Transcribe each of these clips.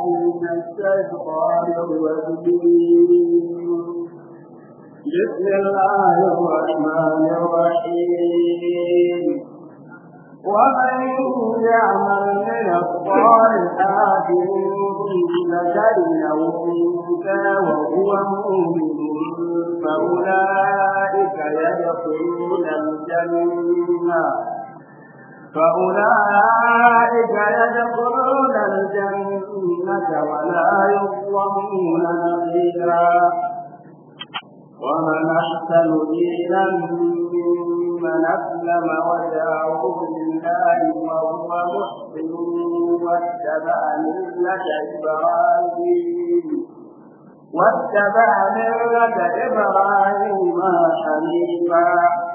بسم الله الرحمن الرحيم ومن يعمل من الصالحات من ذكر او انثى وهو مؤمن فاولئك يدخلون الجنه فأولئك يدخلون الجنة ولا يظلمون نقيرا ومن أحسن دينا ممن أسلم وجهه لله وهو محسن واتبع ملة إبراهيم واتبع ملة إبراهيم حنيفا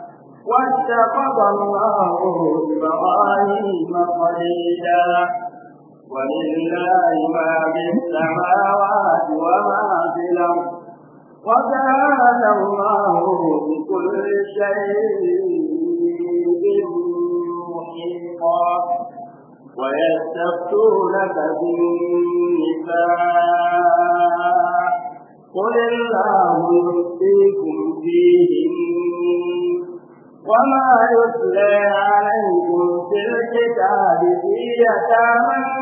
واتخذ الله إبراهيم خليلا ولله ما في السماوات وما في الأرض وكان الله بكل شيء محيطا ويستفتونك في النساء قل الله يفتيكم فيهن وما يتلى عليكم في الكتاب في يتامى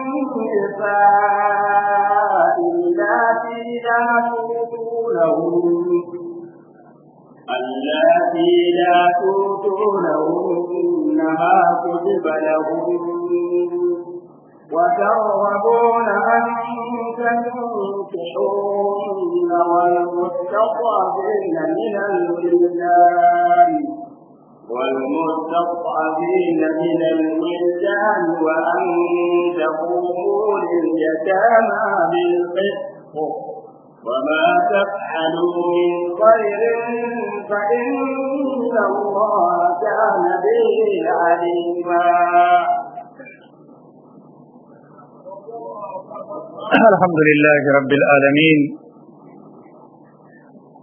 النساء اللاتي لا تؤتونهن اللاتي لا تؤتونهن ما كتب لهن وترغبون أن تنكحوهن والمستضعفين من الولدان والمستضعفين من الولدان وأن تقوموا لليتامى بالقسط وما تفعلوا من خير فإن الله كان به عليما الحمد لله رب العالمين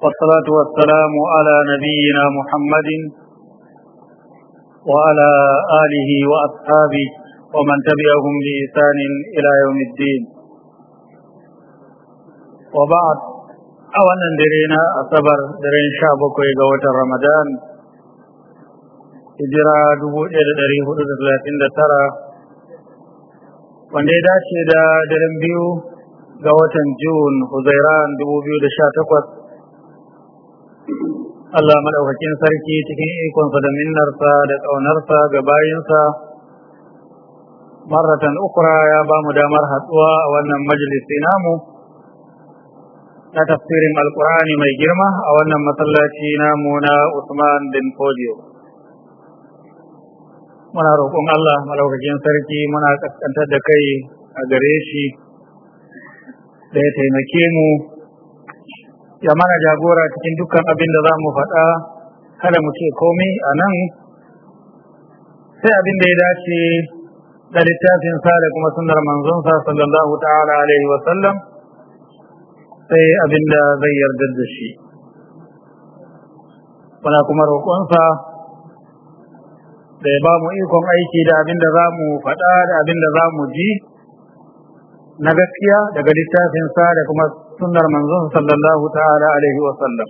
والصلاة والسلام على نبينا محمد وعلى آله وأصحابه ومن تبعهم بإحسان إلى يوم الدين وبعد أولا درينا أصبر درين شعبك ويقوة رمضان hijira dubu ɗaya da ɗari hudu da talatin da tara wanda ya dace da daren biyu ga watan Jun Huzairan dubu biyu da sha takwas Allah madaukakin sarki cikin ikonsa da minnarsa da tsaunarsa ga bayinsa maratan ukra ya ba mu damar hatsuwa a wannan majalisi namu na tafsirin alkur'ani mai girma a wannan masallaci namu na Usman bin Fodio. Muna roƙon Allah madaukakin sarki muna kaskantar da kai a gare shi da ya taimake mu ya mana jagora cikin dukkan abin da za mu faɗa kada mu ce komai a nan sai abin da ya dace da littafin sa da kuma sunnar manzon sa sallallahu ta'ala alaihi wa sallam sai abin da zai yarda da shi muna kuma roƙonsa da ya ba mu ikon aiki da abin da za mu faɗa da abin da za mu ji na gaskiya daga littafin sa da kuma sunnar manzon sallallahu ta'ala alaihi wa sallam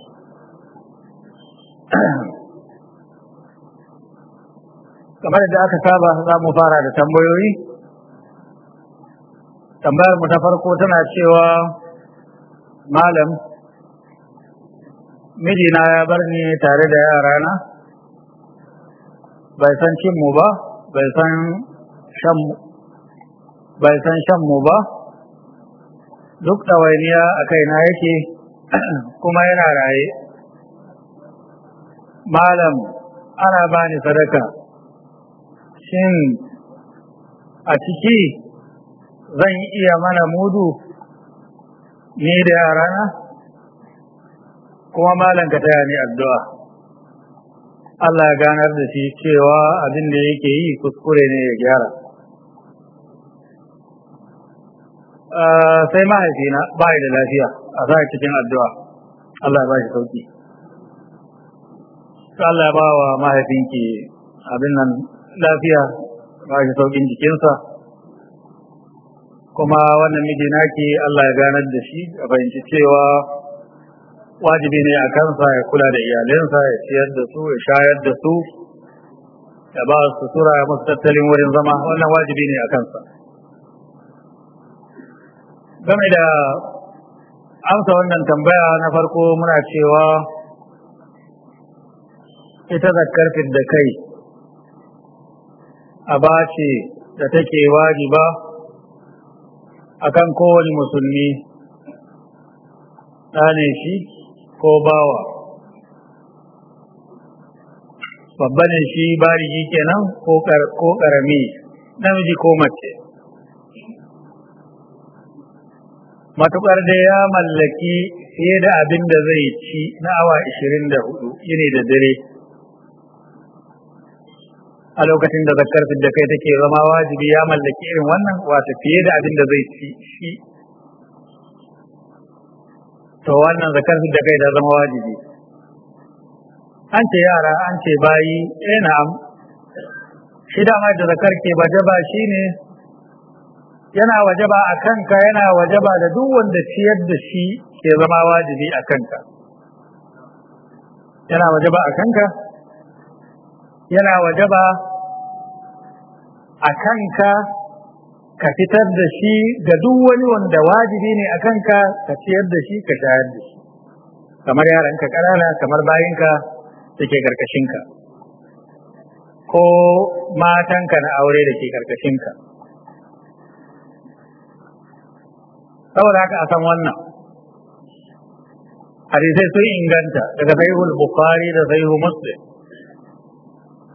kamar da aka saba za mu fara da tambayoyi tambayar mu ta farko tana cewa malam mijina ya bar ni tare da yarana bai san cin mu ba bai san shan mu ba duk ɗawainiya a kaina yake kuma yana raye malam ana bani sadaka shin a ciki zan iya mana mudu ni da yarana kuma malam ka taya ni addu'a Allah ya ganar da shi cewa abin da yake yi kuskure ne ya gyara Ah, sai mahaifina ba da lafiya a sa cikin addu'a Allah ya ba shi sauki Allah ya ba wa mahaifinki abin nan lafiya ba shi saukin jikinsa kuma wannan miji ke Allah ya ganar da shi a fahimci cewa wajibi ne a kansa ya kula da iyalinsa ya ciyar da su ya shayar da su ya ba su ya musu tattalin wurin zama wannan wajibi ne a kansa game da amsa wannan tambaya na farko muna cewa ita da karfin da kai a bace da take wajiba akan kowane musulmi ɗane shi ko bawa babba ne shi barigi kenan ko ƙarami namiji ko mace matukar da ya mallaki fiye da abin da zai ci na awa 24 yini da dare a lokacin da zakar da kai take zama wajibi ya mallaki irin wannan wata fiye da abin da zai ci shi to wannan zakar da kai ta zama wajibi an ce yara an ce bayi ina eh na'am shi dama da zakar ke baje ba shine yana wajaba a kanka yana wajaba da duk wanda ciyar da shi ke zama wajibi a kanka yana wajaba a kanka yana wajaba a kanka ka fitar da shi ga duk wani wanda wajibi ne a kanka ka ciyar da shi ka shayar da shi kamar yaranka ƙanana kamar bayinka da ke karkashinka ko matanka na aure da ke ka. saboda haka a san wannan hadisai sun inganta daga sahihul bukhari da sahihul muslim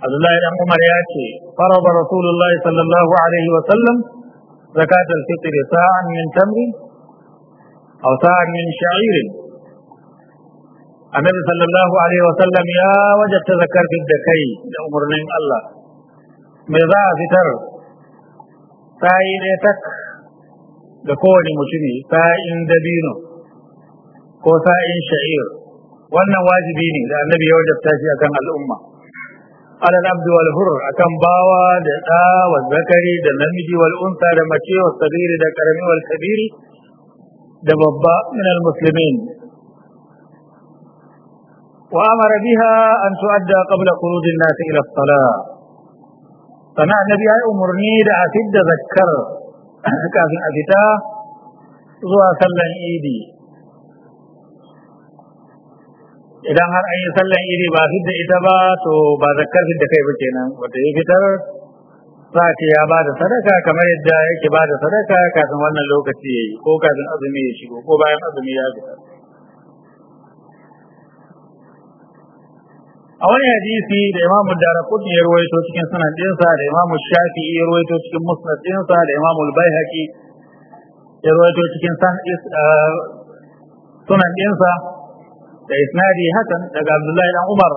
abdullahi dan umar ya ce faraba rasulullah sallallahu alaihi wa sallam zakat al-fitr sa'an min tamri aw sa'an min sha'ir annabi sallallahu alaihi wa sallam ya wajata zakar da kai da umarnin Allah me za a fitar sai ne tak da kowane mutumi sa'in dabino ko sa'in sha'ir wannan wajibi ne da annabi ya wajabta shi akan al'umma alal abdu wal hur akan bawa da da wa zakari da namiji wal unsa da mace wa sabiri da karami wal kabiri da babba min al muslimin wa amara biha an tuadda qabla khurud an nas ila as-salah sana annabi ya umurni da afidda zakkar kafin a fita zuwa sallan idi idan har an yi sallan idi ba da ita ba to ba zakkar da kai ba kenan wata ya fitar za ce ya ba da sadaka kamar yadda yake ba da sadaka kafin wannan lokaci ya yi ko kafin azumi ya shigo ko bayan azumi ya fita a wani hadisi da imamu darakutni ya ruwaito cikin sunan ɗinsa da imamu shafi'i ya ruwaito cikin musnad ɗinsa da imamu albayhaqi ya ruwaito cikin sunan ɗinsa da isnadi hasan daga abdullahi dan umar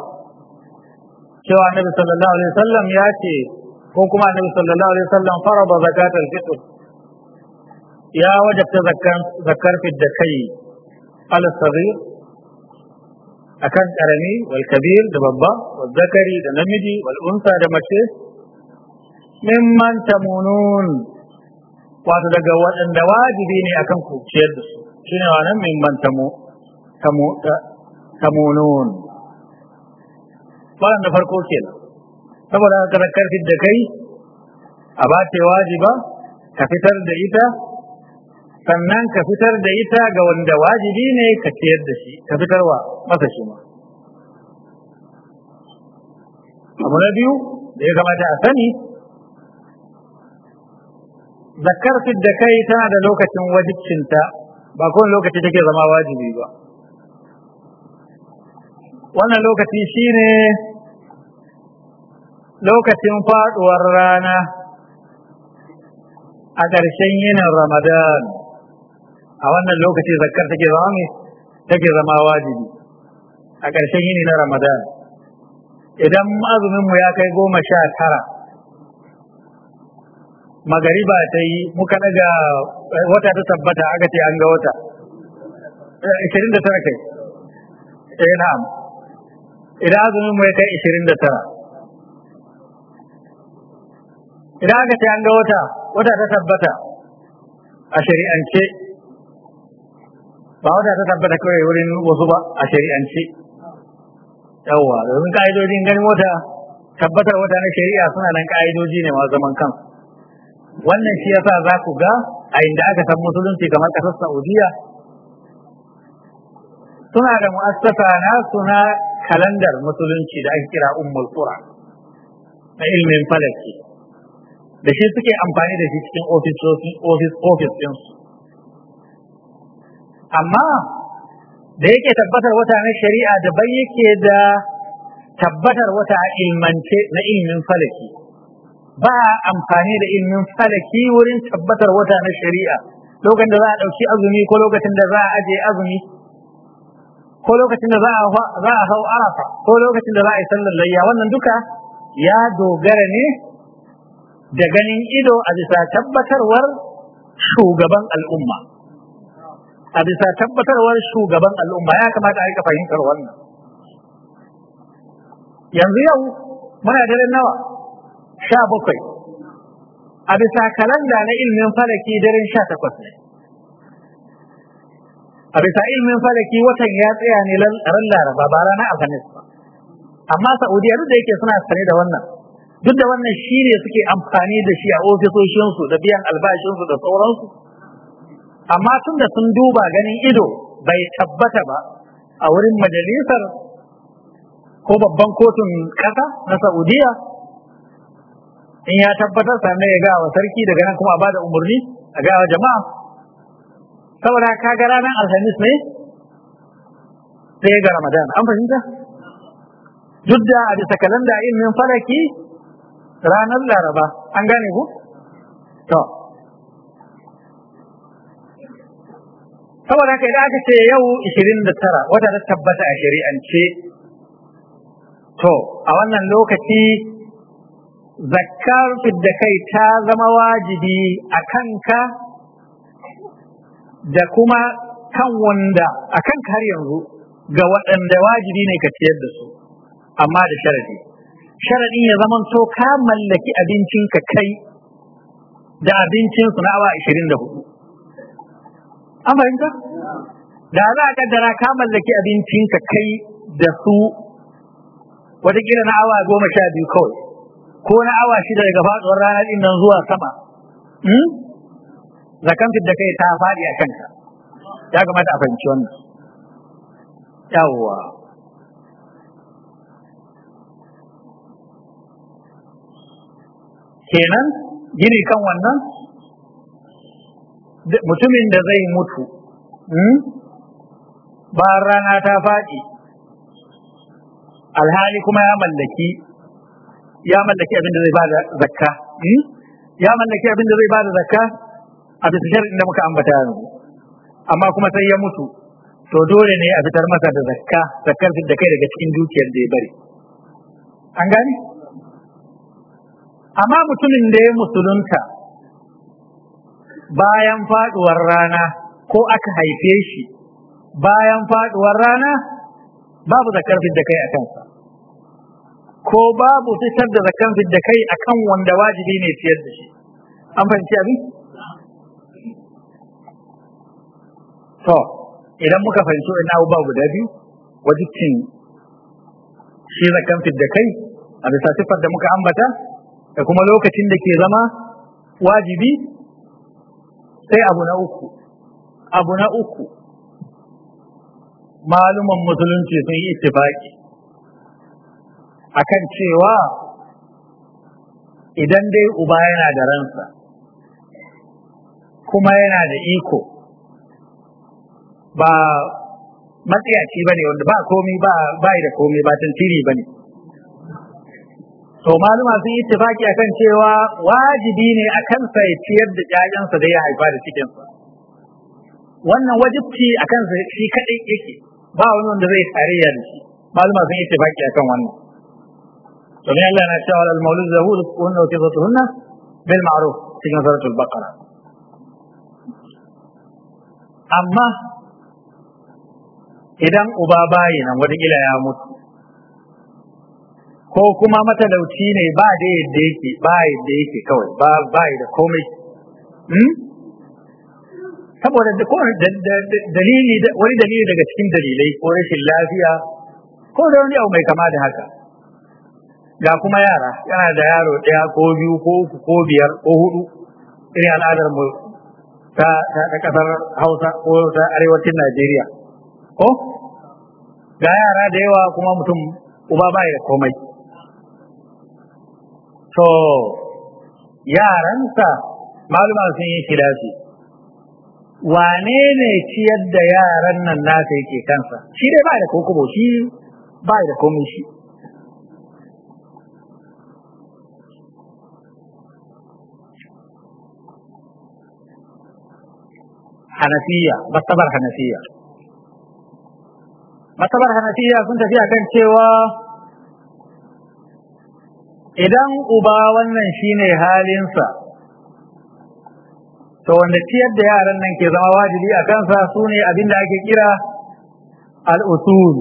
cewa annabi sallallahu alaihi wasallam ya ce ko kuma annabi sallallahu alaihi wasallam farada zakatul fitr ya wajabta zakar zakar fidda kai al-saghir akan karami wal kabir da babba wal zakari da namiji wal unsa da mace mimman tamunun wato daga waɗanda wajibi ne akan ku ciyar da su shine wannan mimman tamu tamu tamunun wannan da farko kenan saboda haka karfi da kai a ba wajiba ka fitar da ita sannan ka fitar da ita ga wanda wajibi ne ka ciyar da shi ka fitarwa masa shi ma abu na biyu da ya kamata a sani zakar da kai tana da lokacin wajibcinta ba kowane lokaci take zama wajibi ba wannan lokaci shine lokacin faduwar rana a ƙarshen yinin ramadan a wannan lokaci zakkar take zama ne take zama wajibi a ƙarshen yini na ramadan idan azumin mu ya kai goma sha tara magariba ta yi muka daga eh, wata ta tabbata aka ce an ga wata 29 eh, kai eh na'am idan azumin mu ya kai 29 idan aka ce an ga wata wata ta tabbata a shari'ance ba wata ta tabbata kawai wurin wasu ba a shari'ance yawwa domin ka'idojin ganin wata tabbatar wata na shari'a suna nan ka'idoji ne ma zaman kan wannan shi yasa za ku ga a inda aka san musulunci kamar ƙasar Saudiya suna da mu'assasa na suna kalandar musulunci da ake kira ummul qura na ilmin falaki da shi suke amfani da shi cikin ofis ofis ofis ɗinsu amma da yake tabbatar wata na shari'a da daban yake da tabbatar wata a ilmance na ilmin falaki ba amfani da ilmin falaki wurin tabbatar wata na shari'a lokacin da za a ɗauki azumi ko lokacin da za a aje azumi ko lokacin da za a hau arafa ko lokacin da za a yi sallar layya wannan duka ya dogara ne da ganin ido a bisa tabbatarwar shugaban al'umma a bisa tabbatarwar shugaban al'umma ya kamata a rika fahimtar wannan yanzu yau muna daren nawa sha bakwai a bisa kalanda na ilmin falaki daren sha takwas ne a bisa ilmin falaki watan ya tsaya ne ran laraba ba ranar alhamis ba amma saudiya duk da yake suna sane da wannan duk da wannan shine suke amfani da shi a ofisoshinsu da biyan albashinsu da sauransu amma tun da sun duba ganin ido bai tabbata ba a wurin majalisar ko babban kotun ƙasa na saudiya in ya tabbatar sannan ya ga wa sarki daga nan kuma a bada umarni a ga jama'a saboda ka ga ranar alhamis ne sai ga ramadan an fahimta duk da a bisa kalanda ilmin falaki ranar laraba an gane ku to saboda haka idan aka ce yau 29 wata ta tabbata a shari'ance to a wannan lokaci zakkar da kai ta zama wajibi a kanka da kuma kan wanda a kanka har yanzu ga waɗanda wajibi ne ka ciyar da su amma da sharadi sharadin ya zama to ka mallaki abincinka kai da abincinsu na awa an fahimta da za a kaddara ka mallaki abincin ka kai da su watakila na awa goma sha biyu kawai ko na awa shida daga faɗuwar ranar din nan zuwa sama hmm? zakan da kai ta faɗi a kanka ya kamata a fahimci wannan yawwa kenan gini kan wannan mutumin da zai mutu hmm? ba rana ta faɗi alhali kuma ya mallaki ya mallaki abin da zai ba da zakka hmm? ya mallaki abin da zai ba da zakka a bisa inda muka ambata yanzu amma kuma sai ya mutu to dole ne a fitar masa da zakka zakkar da kai daga cikin dukiyar da ya bari an gane amma mutumin da ya musulunta bayan faduwar rana ko aka haife shi bayan faduwar rana babu zakar fidda kai a kansa ko babu fitar da zakar fidda kai a kan wanda wajibi ne ciyar da shi an fahimci abin to idan muka fahimci wannan babu guda biyu wajibcin shi zakar fidda kai a bisa siffar da muka ambata da kuma lokacin da ke zama wajibi sai abu na uku abu na uku maluman musulunci sun yi ittifaki akan cewa idan dai uba yana da ransa kuma yana da iko ba matsiyaci ba ne wanda ba komi ba da komi ba tantiri ba ne to maluma sun yi tafaki kan cewa wajibi ne a kansa ya ciyar da ƴaƴansa da ya haifa da cikinsa wannan wajibci a kansa shi kaɗai yake ba wani wanda zai tarayya da shi maluma sun yi tafaki akan wannan to ne Allah na cewa al maulud zahu hunna wa kifatuhunna bil ma'ruf cikin suratul baqara amma idan uba bayi nan ila ya mutu ko kuma matalauci ne ba da yadda yake ba yadda yake kawai ba ba da komai hmm? saboda da dalili wani dalili daga cikin dalilai ko rashin lafiya ko da wani abu mai kama da haka ga kuma yara yana da yaro ɗaya ko biyu ko uku ko biyar ko hudu irin al'adar mu ta ta kasar Hausa ko ta arewacin Najeriya ko ga yara da yawa kuma mutum uba bai da komai to yaransa maluma sun yi kilafi wane ne ciyar da yaran nan nasa yake kansa shi dai ba da kokobo shi ba da komai shi hanafiya masabar hanafiya masabar hanafiya sun tafi akan cewa idan uba wannan shine halinsa to wanda ciyar da yaran nan ke zama wajibi a kansa su ne abin da ake kira al'usul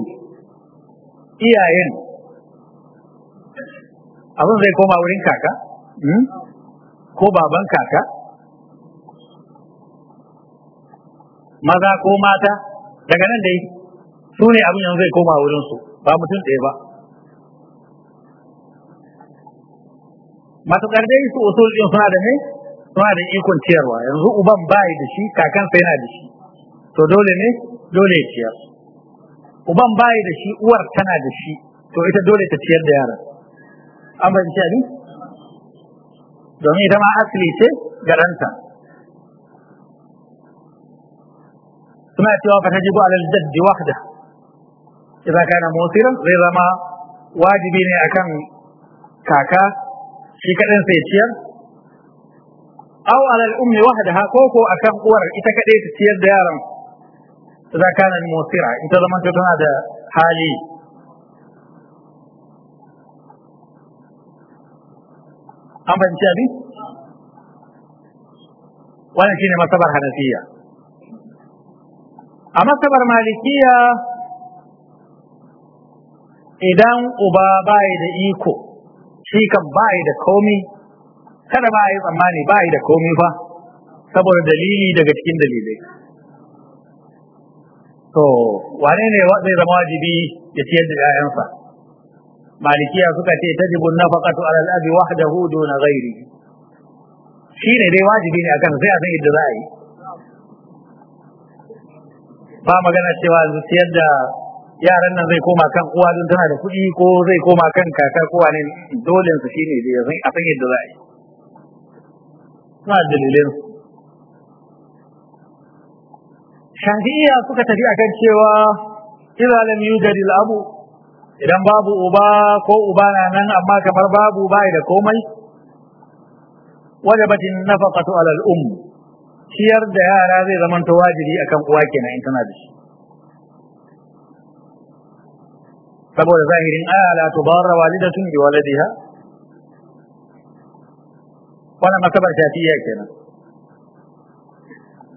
iyayen abin zai koma wurin kaka hmm? ko baban kaka maza ko mata daga nan dai su ne abin yanzu zai koma wurinsu ba mutum ɗaya ba matukar dai su usul din suna da ne suna da ikon ciyarwa yanzu uban bai da shi kakan sai yana da shi to dole ne dole ya ciyar uban bai da shi uwar tana da shi to ita dole ta ciyar da yara an bayyana ne domin ita ma asali ce garanta suna cewa fa tajibu alal jaddi wahda idan kana musira zai zama wajibi ne akan kaka shi kaɗan sai ciyar aw ala al-ummi wahdaha ko ko akan uwar ita kaɗai ta ciyar da yaran da kana musira ita zama tana da hali an fahimci abin wannan shine masabar hanafiya a masabar malikiya idan uba bai da iko shi kan ba yi da komi kada ba yi tsammani ba yi da komi fa saboda dalili daga cikin dalilai to wane ne zai zama wajibi ya ciyar da 'ya'yansa malikiya suka ce tajibun nafaqatu ala al-abi wahdahu duna ghairi shi ne dai wajibi ne akan sai a san yadda za a yi ba magana cewa ciyar da yaran nan zai koma kan uwa don tana da kuɗi ko zai koma kan kaka ko ne dole su shine da yanzu a san yadda za a yi suna dalilin shafi'iya suka tafi akan cewa idza lam yujad abu idan babu uba ko uba na nan amma kamar babu bai da komai wajabat an-nafaqatu 'ala al-umm ciyar da yara zai zamanto wajibi akan uwa kenan in tana da shi saboda zahirin aya la tubarra walidatun bi waladiha wannan masabar shafiya kenan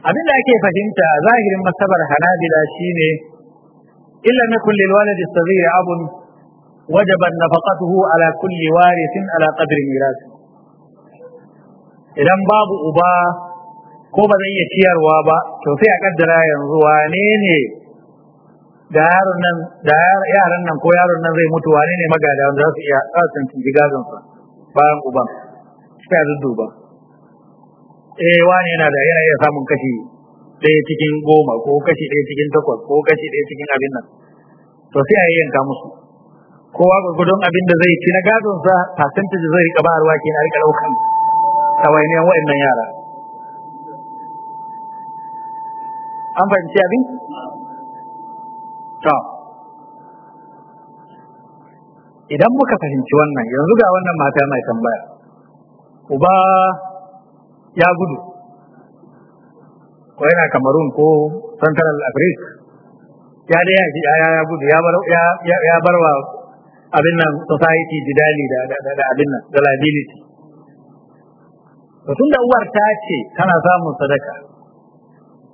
abin da ake fahimta zahirin masabar hanabila shine illa nakun lil walad as-saghir abun wajaba nafaqatuhu ala kulli warithin ala qadri mirasi idan babu uba ko ba zai iya ciyarwa ba to sai a kaddara yanzu wane ne da yaron nan da yaran nan ko yaron nan zai mutu wane ne magada wanda za su iya tsasin cin gadon sa bayan uban suka yi duba eh wane yana da yana iya samun kashi ɗaya cikin goma ko kashi ɗaya cikin takwas ko kashi ɗaya cikin abin nan to sai a yanka musu kowa ga gudun abin da zai ci na gadon sa da zai rika bayarwa kenan a rika ɗaukan tawainiyan waɗannan yara an fahimci abin to idan muka fahimci wannan yanzu ga wannan mata mai tambaya uba ya gudu ko yana kamarun ko central africa ya da ya ya gudu ya bar ya ya barwa abin nan society jidali da abin nan da liability to tunda uwar ta ce tana samun sadaka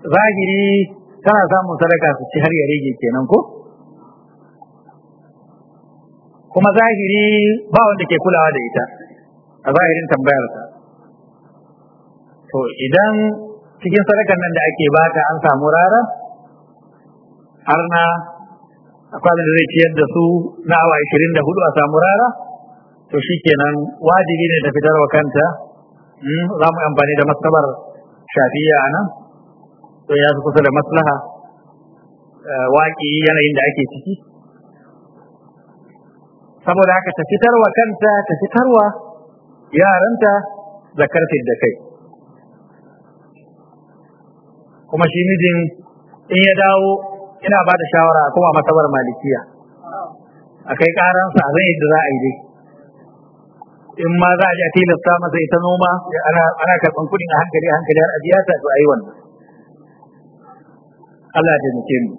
zahiri tana samun sadaka su ci har ya rage kenan ko kuma zahiri ba wanda ke kulawa da ita a zahirin ta to idan cikin sadakan nan da ake bata an samu rara har na akwai da zai ciyar da su na awa 24 a samu rara to shi kenan wajibi ne ta fitar wa kanta hmm, za mu amfani da masabar shafiya a nan ko ya fi kusa da maslaha eh, waƙi yanayin da ake ciki saboda haka ta fitarwa kanta ta fitarwa yaranta da zakar da kai kuma shi mijin in ya dawo ina ba da shawara a kuma masabar malikiya a kai karansa a zai da za a yi dai in ma za a ji a tilasta masa ita noma ana karɓan kuɗin a hankali a hankali har a ta to a yi wannan Allah ya taimake mu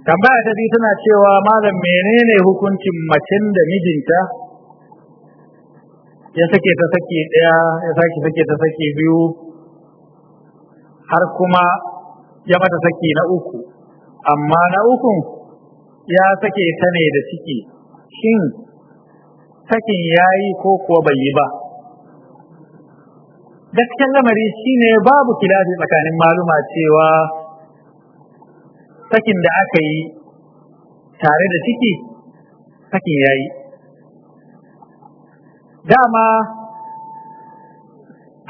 tambaya ta biyu tana cewa malam menene hukuncin macen da mijinta ya sake ta sake ɗaya ya sake sake ta sake biyu har kuma ya mata sake na uku amma na ukun ya sake ta ne da ciki shin sakin ya yi ko kuwa bai yi ba gasken lamari shine babu kilafi tsakanin maluma cewa sakin da aka yi tare da ciki sakin ya yi dama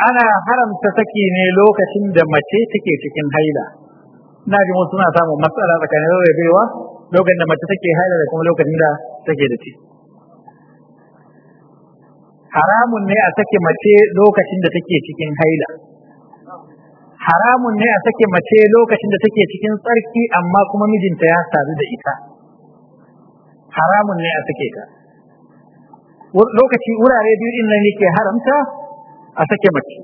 ana haramta saki ne lokacin da mace take cikin haila na ji wasu suna samun matsala tsakanin rarrabewa lokacin da mace take haila da kuma lokacin da take da ciki haramun ne a sake mace lokacin da take cikin haila haramun ne a sake mace lokacin da take cikin tsarki amma kuma mijinta ya sadu da ita haramun ne a sake ta lokaci wurare biyu din nan yake haramta a sake mace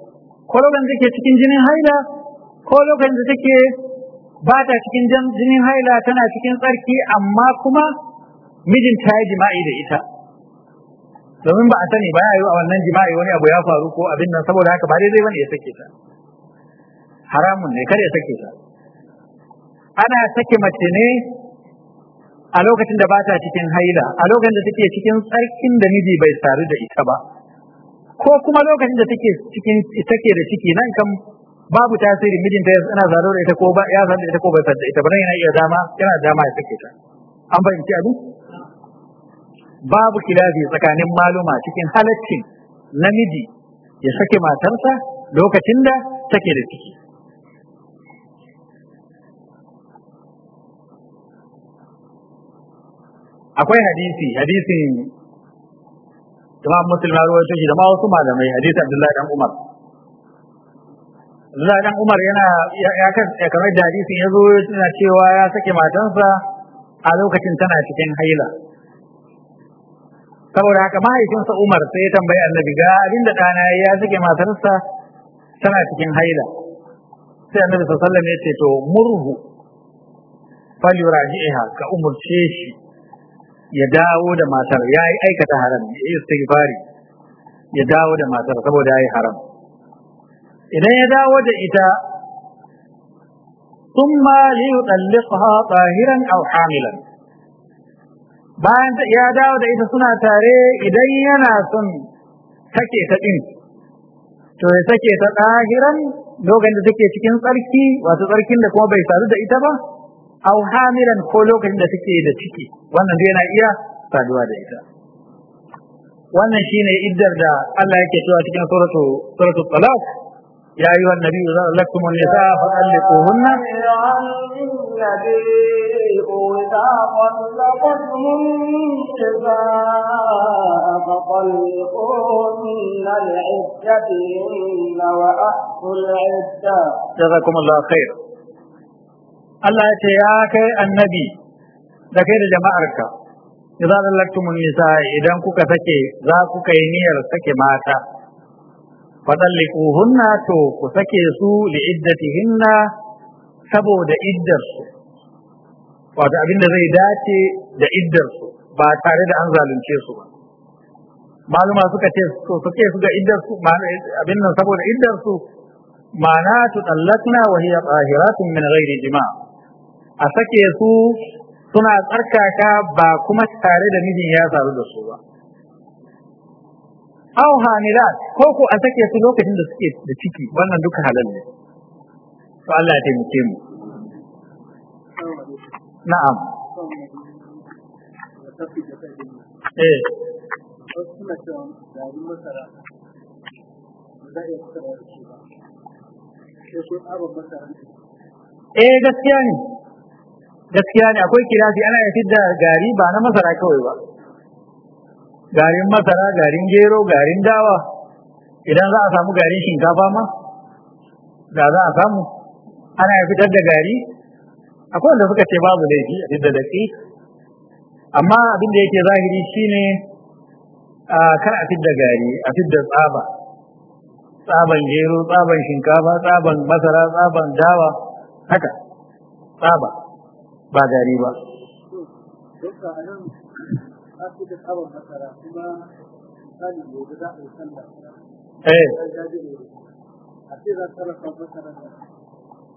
ko lokacin da take cikin jinin haila ko lokacin da take ba ta cikin jinin haila tana cikin tsarki amma kuma mijinta ya jima'i da ita domin ba a sani ba yayi a wannan jima'i wani abu ya faru ko abin nan saboda haka ba daidai bane ya sake ta haramun ne kar ya sake ta ana sake mace ne a lokacin da ba ta cikin haila a lokacin da take cikin tsarkin da miji bai saru da ita ba ko kuma lokacin da take cikin take da ciki nan kan babu tasiri mijinta yana zaro da ita ko ba ya zaro da ita ko bai sadda ita ba nan yana iya dama yana dama ya sake ta an fahimci abu. babu kilazi tsakanin maluma cikin halaccin namiji ya sake matarsa lokacin da take da ciki akwai hadisi hadisin imam musulma ruwa rawaito shi da ma wasu malamai hadisi abdullahi dan umar abdullahi dan umar yana ya kan kamar da hadisin ya zo yana cewa ya sake matansa a lokacin tana cikin haila saboda haka mahaifinsa Umar sai ya tambayi annabi ga abin da ɗana ya suke matarsa tana cikin haila sai annabi sallallahu alaihi ya ce to murhu falyuraji'iha ka umurce shi ya dawo da matar ya aikata haram ya yi istighfari ya dawo da matar saboda ya yi haram idan ya dawo da ita ثم ليطلقها طاهرا hiran حاملا bayan ya dawo da ita suna tare idan yana son take ta ɗin to ya sake ta ɗahiran lokacin da take cikin tsarki wato tsarkin da kuma bai sadu da ita ba au hamilan ko lokacin da take da ciki wannan yana iya saduwa da ita wannan shine iddar da Allah yake cewa cikin suratu suratu talaq يا أيها النبي إذا لكم النساء فألقوهن جزاكم الله خير الله يا النبي ذكر جماعتك إذا لكم النساء إذا كنت تكي ذا كنت ينير تكي fadallikuhunna to ku sake su li iddatihinna saboda iddarsu wato abin da zai dace da iddarsu ba tare da an zalunce su ba maluma suka ce to suke su ga iddarsu abin nan saboda iddarsu ma'ana tu dallakna wa hiya tahiratun min ghairi jima' a sake su suna tsarkaka ba kuma tare da mijin ya saru da su ba aw hamilat ko ko a sake su lokacin da suke da ciki wannan duka halal ne to Allah ya taimake mu na'am eh Eh gaskiya ne, gaskiya ne akwai kirafi ana yi da gari ba na masara kawai ba. garin masara garin gero garin dawa idan za a samu garin shinkafa ma da za a samu ana ya fitar da gari akwai wanda suka ce babu laifi a da daki amma abin da yake zahiri shine kar a da gari a da tsaba tsaban gero tsaban shinkafa tsaban masara tsaban dawa haka tsaba ba gari ba na fi tsawon masara kuma za a yi sanda a ce za ta rasa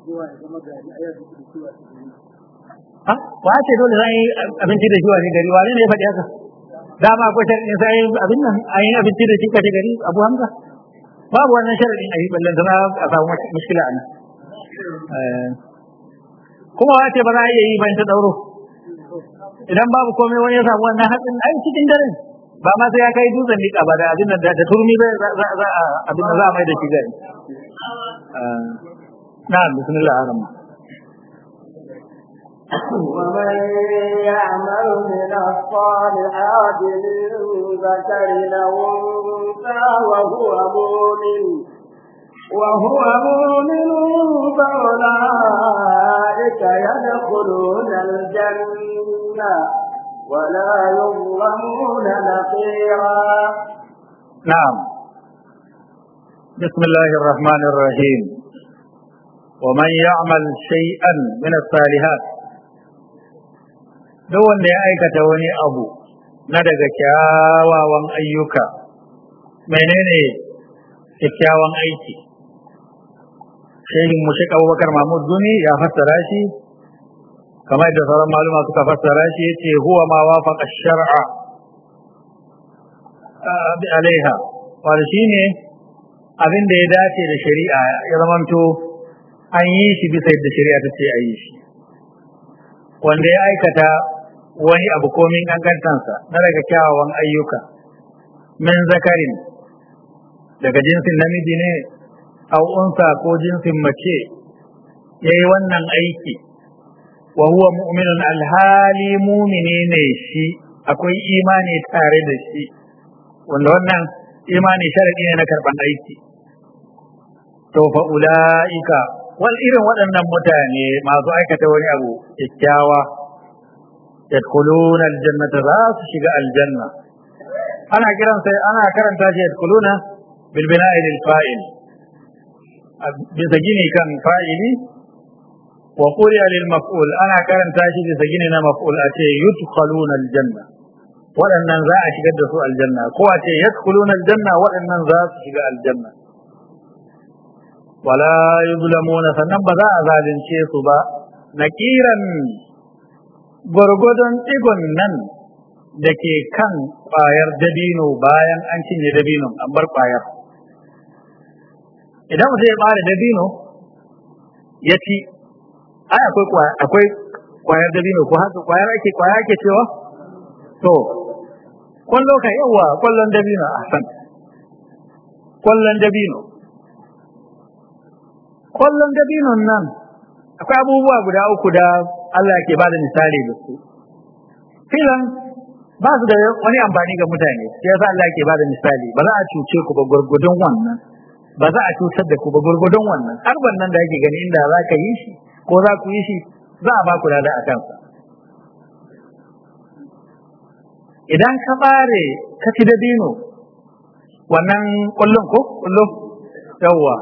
dole za a yi abinci da shi wani gari wani ne ya faɗi haka dama ko sharadin sai abin nan a yi abinci da shi kace gari abu hamza babu wannan sharadin a yi ballan zana a samu mushkila a nan kuma wace ba za a iya yi ban ta dauro idan babu komai wani ya samu wannan hatsin ai cikin dare ba ma sai ya kai dutsen liƙa ba da abin da da turmi ba za za abin da za a mai da shi gari ah. na'am bismillah arama ومن يعمل من الصالحات من ذكر أو أنثى وهو مؤمن وهو مؤمن فأولئك يدخلون الجنة ولا يظلمون نقيرا نعم بسم الله الرحمن الرحيم ومن يعمل شيئا من الصالحات duk wanda ya aikata wani abu na daga kyawawan ayyuka menene kyakkyawan aiki shehin mu Sheikh Abubakar Mahmud Gumi ya fassara shi kamar da sauran maluma suka fassara shi ce, huwa ma wafaqa shar'a bi alaiha wanda shine abin da ya dace da shari'a ya zamanto an yi shi bisa yadda shari'a ta ce a yi shi wanda ya aikata wani abu komin kankantansa na daga kyawawan ayyuka min zakarin daga jinsin namiji ne aw unsa ko jinsin mace yayi wannan aiki wa huwa alhali mu'mini ne shi akwai imani tare da shi wanda wannan imani sharadi ne na karban aiki to fa ulaika wal irin waɗannan mutane masu aikata wani abu kyakkyawa yadkhuluna aljannata za su shiga aljanna ana kiran sai ana karanta shi yadkhuluna bil bina'i lil fa'il bisa gini kan fa'ili wa quriya lil maf'ul ana karanta shi bisa gini na maf'ul a ce yudkhaluna al janna waɗannan za a shigar da su aljanna ko a yadkhuluna al janna wa waɗannan za su shiga janna wala yuzlamuna sannan ba za a zalunce su ba nakiran gwargwadon igon nan dake kan bayar dabino bayan an cinye dabinon an bar bayar idan mutum ya bare dabino ya ci ai akwai akwai kwayar dabino ko haka kwayar ake kwaya ake cewa to kwallo ka yawa kwallon dabino a san kwallon dabino kwallon dabinon nan akwai abubuwa guda uku da Allah ke bada misali da su filan ba su da wani amfani ga mutane ya yasa Allah ke bada misali ba za a cuce ku ba gurgudun wannan ba za a cutar da ku ba gurgudun wannan arban nan da ake gani inda za ka yi shi ko za ku yi shi za a ba ku lada a kansa idan ka bare ka ci dabino wannan kullun ko kullun yawwa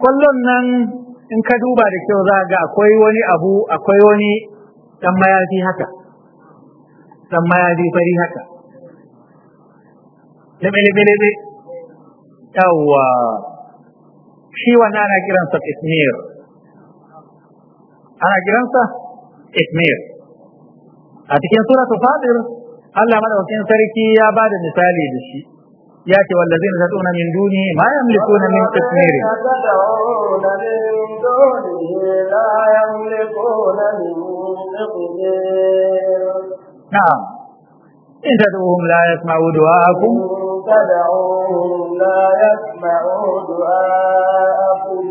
kullun nan in ka duba da kyau za ga akwai wani abu akwai wani dan mayafi haka dan mayafi fari haka lebe lebe lebe yawwa shi wannan ana kiransa ismir ana kiransa ismir a cikin suratul fatir Allah madaukakin sarki ya ba da misali da shi ya ce wallazina tad'una min duni ma yamlikuna min qitmir na'am in tad'uhum la yasma'u du'aakum تدعوهم لا يسمعوا دعاءكم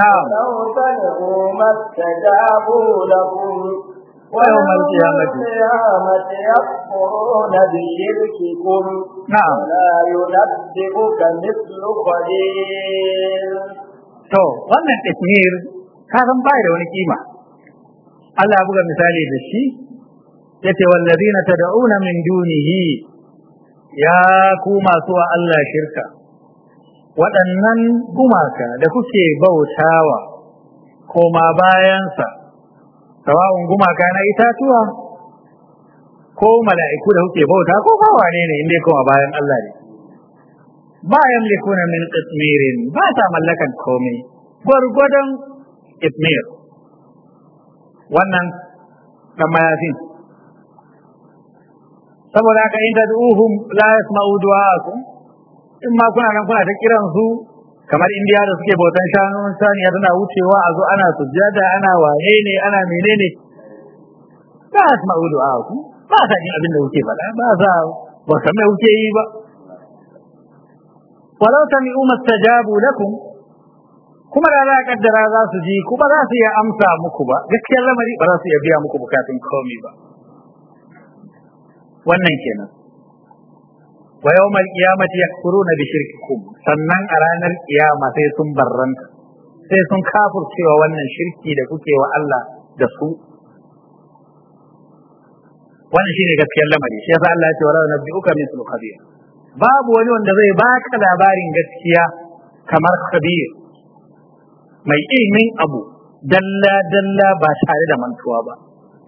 نعم لو سمعوا ما استجابوا لكم ويوم القيامة يكفرون بشرككم نعم ولا ينبئك مثل خبير to wannan tashmir ka san bai da wani kima Allah ya buga misali da shi yace wallazina tad'una min dunihi ya ku masu wa Allah shirka waɗannan gumaka da kuke bautawa koma bayansa sawa'un gumaka na itatuwa ko mala'iku da kuke bauta ko ba wane ne inda koma bayan Allah ne ba yamlikuna min qismirin ba ta mallakan komai gwargwadon qismir wannan dan mayafin saboda haka in tad'uhum la yasma'u du'aakum in ma kuna nan kuna ta kiran su kamar indiya da suke bautan shanu saniya tana wucewa a zo ana sujjada ana waye ne ana menene ba yasma'u du'aakum ba za jin abin da kuke faɗa ba za ba san me kuke yi ba walau sami'u mastajabu lakum kuma da za a kaddara za su ji kuma za su iya amsa muku ba gaskiyar lamari ba za su iya biya muku bukatun komai ba wannan kenan wa yawmal qiyamati yakfuruna bi shirkikum sannan a ranar kiyama sai sun barranta sai sun kafircewa wannan shirki da kuke wa Allah da su wannan shine gaskiyar lamari shi yasa Allah ya ce wala nabiyuka mithlu khabir babu wani wanda zai baka labarin gaskiya kamar khabir mai ilimin abu dalla dalla ba tare da mantuwa ba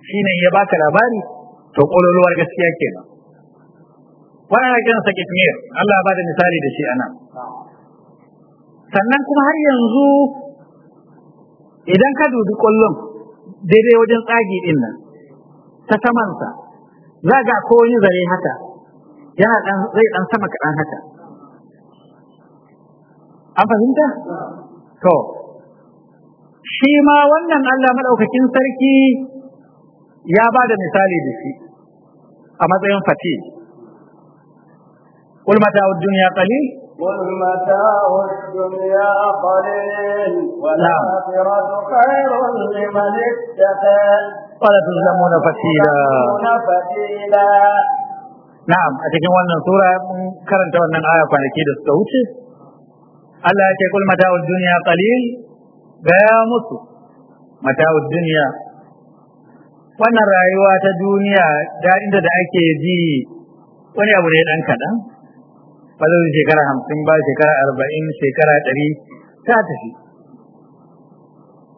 shine ya baka labari to ƙololuwar gaskiya kenan wannan ana ke kitmir Allah ba da misali da shi nan. sannan kuma har yanzu idan ka dubi kullum daidai wajen tsagi din nan ta samansa za ga ko wani zare haka yana dan zai dan sama kaɗan haka an fahimta to shi ma wannan Allah madaukakin sarki ya ba da misali da shi أما matsayin fati قل mata'ud الدنيا قليل قل متاع الدنيا قليل نعم. والآخرة خير لمن اتقى ولا تظلمون فتيلا فتيلا نعم أتكلم عن سورة كرنت عن آية فانكي دستوت الله يقول متاع الدنيا قليل بيا متاع الدنيا wannan rayuwa ta duniya da inda da ake ji wani abu ne dan kaɗan ba zai shekara hamsin ba shekara arba'in shekara ɗari ta tafi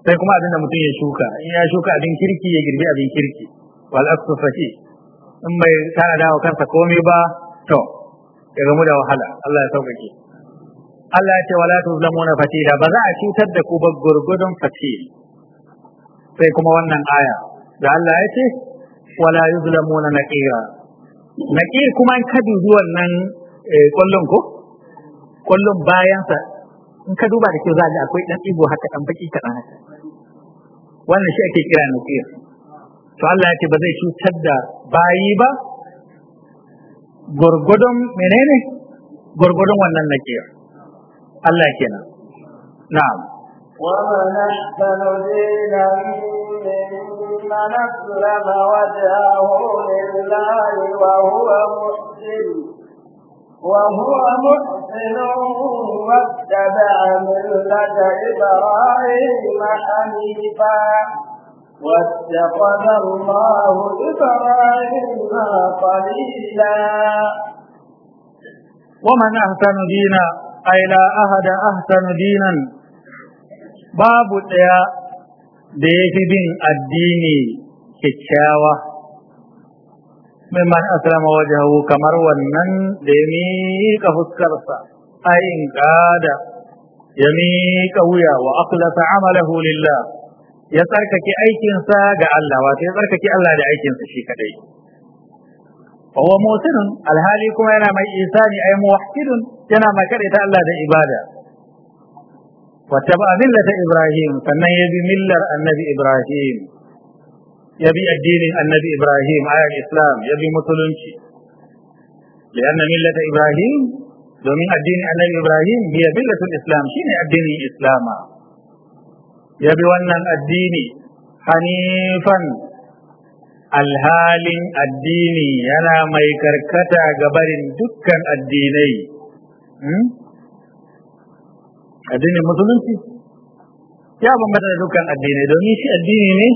sai kuma abin da mutum ya shuka in ya shuka abin kirki ya girbi abin kirki wal aksu fashi in bai tana da wa kansa komai ba to ya gamu da wahala Allah ya sauƙaƙe Allah ya ce wala tuzlamuna fatila ba za a cutar da ku ba gurgudun fatil sai kuma wannan aya da Allah ya ce wala yuzlamuna naqira naqir kuma in ka dubi wannan eh, kullun ko kullun bayan sa in ka duba da kyau za ga akwai dan ibo haka dan baki kadan haka wannan shi ake kira naqir to Allah ya ce ba zai cutar da bayi ba gurgudun menene gurgudun wannan naqir Allah kenan na'am ومن أحسن دينا ممن من أسلم وجهه لله وهو محسن وهو محسن واتبع ملة إبراهيم حنيفا واتخذ الله إبراهيم قليلا ومن أحسن دينا أي لا أحد أحسن دينا باب الإياء da ya fi bin addini kyakkyawa mai mimman waje hau kamar wannan da ya miƙa fuskarsa ayin ƙada ya miƙa wuya wa akulasa amalahu lillah ya tsarkake aikinsa ga Allah wato ya tsarkake Allah da aikinsa shi kadai wa mutinun alhali kuma yana mai isani ay muwahhidun yana mai ta Allah da ibada واتبع ملة إبراهيم فمن يبي ملة النبي إبراهيم يبي الدين النبي إبراهيم على الإسلام يبي مسلمشي لأن ملة إبراهيم دومين الدين النبي إبراهيم هي ملة الإسلام شين الدين الإسلام يبي وانا الدين حنيفا alhalin addini yana mai karkata gabarin dukkan addinai addinin musulunci ya bambanta da dukkan addinai domin shi addini ne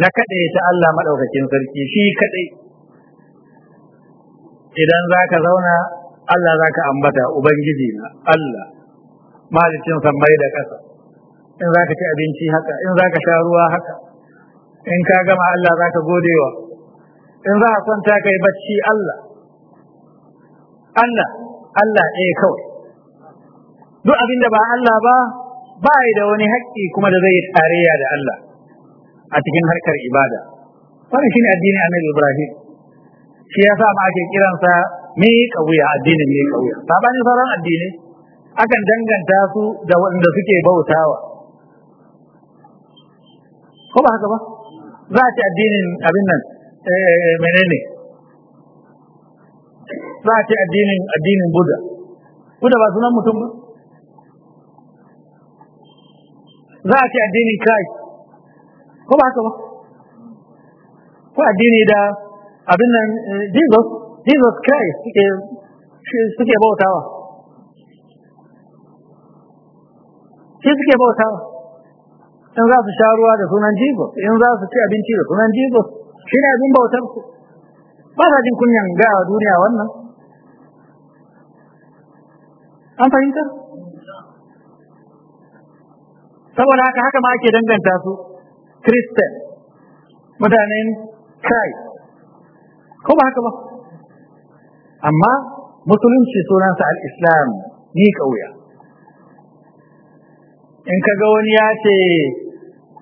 na kaɗai ta Allah maɗaukakin sarki shi kaɗai idan za ka zauna Allah za ka ambata Ubangiji na Allah malicin sammai da ƙasa in za ka ci abinci haka in za ka sha ruwa haka in ka gama Allah za ka gode wa, in za a kwanta ka yi bacci Allah Allah Allah ɗaya kawai duk abin da ba Allah ba ba ya da wani haƙƙi kuma da zai tarayya da Allah a cikin harkar ibada wannan shine addinin Annabi Ibrahim shi yasa ma ake kiransa mai kawuya addinin mai kawuya sabanin sauran addini akan danganta su da wanda suke bautawa ko ba haka ba za a ci addinin abin nan eh, menene za a ci addinin addinin Buddha Buddha ba sunan mutum ba za a ce addinin Christ ko ba haka ba ko addini da abin nan eh, Jesus Jesus Christ suke suke bautawa shi suke bautawa in za su sha ruwa da sunan Jesus in za su ci abinci da sunan Jesus shi ne abin bautar su ba sa jin kunyan ga duniya wannan an fahimta saboda haka haka ma ake danganta su Christian mutanen Kai ko ba haka ba amma musulunci sunansa al-islam ni kauya in ka ga wani ya ce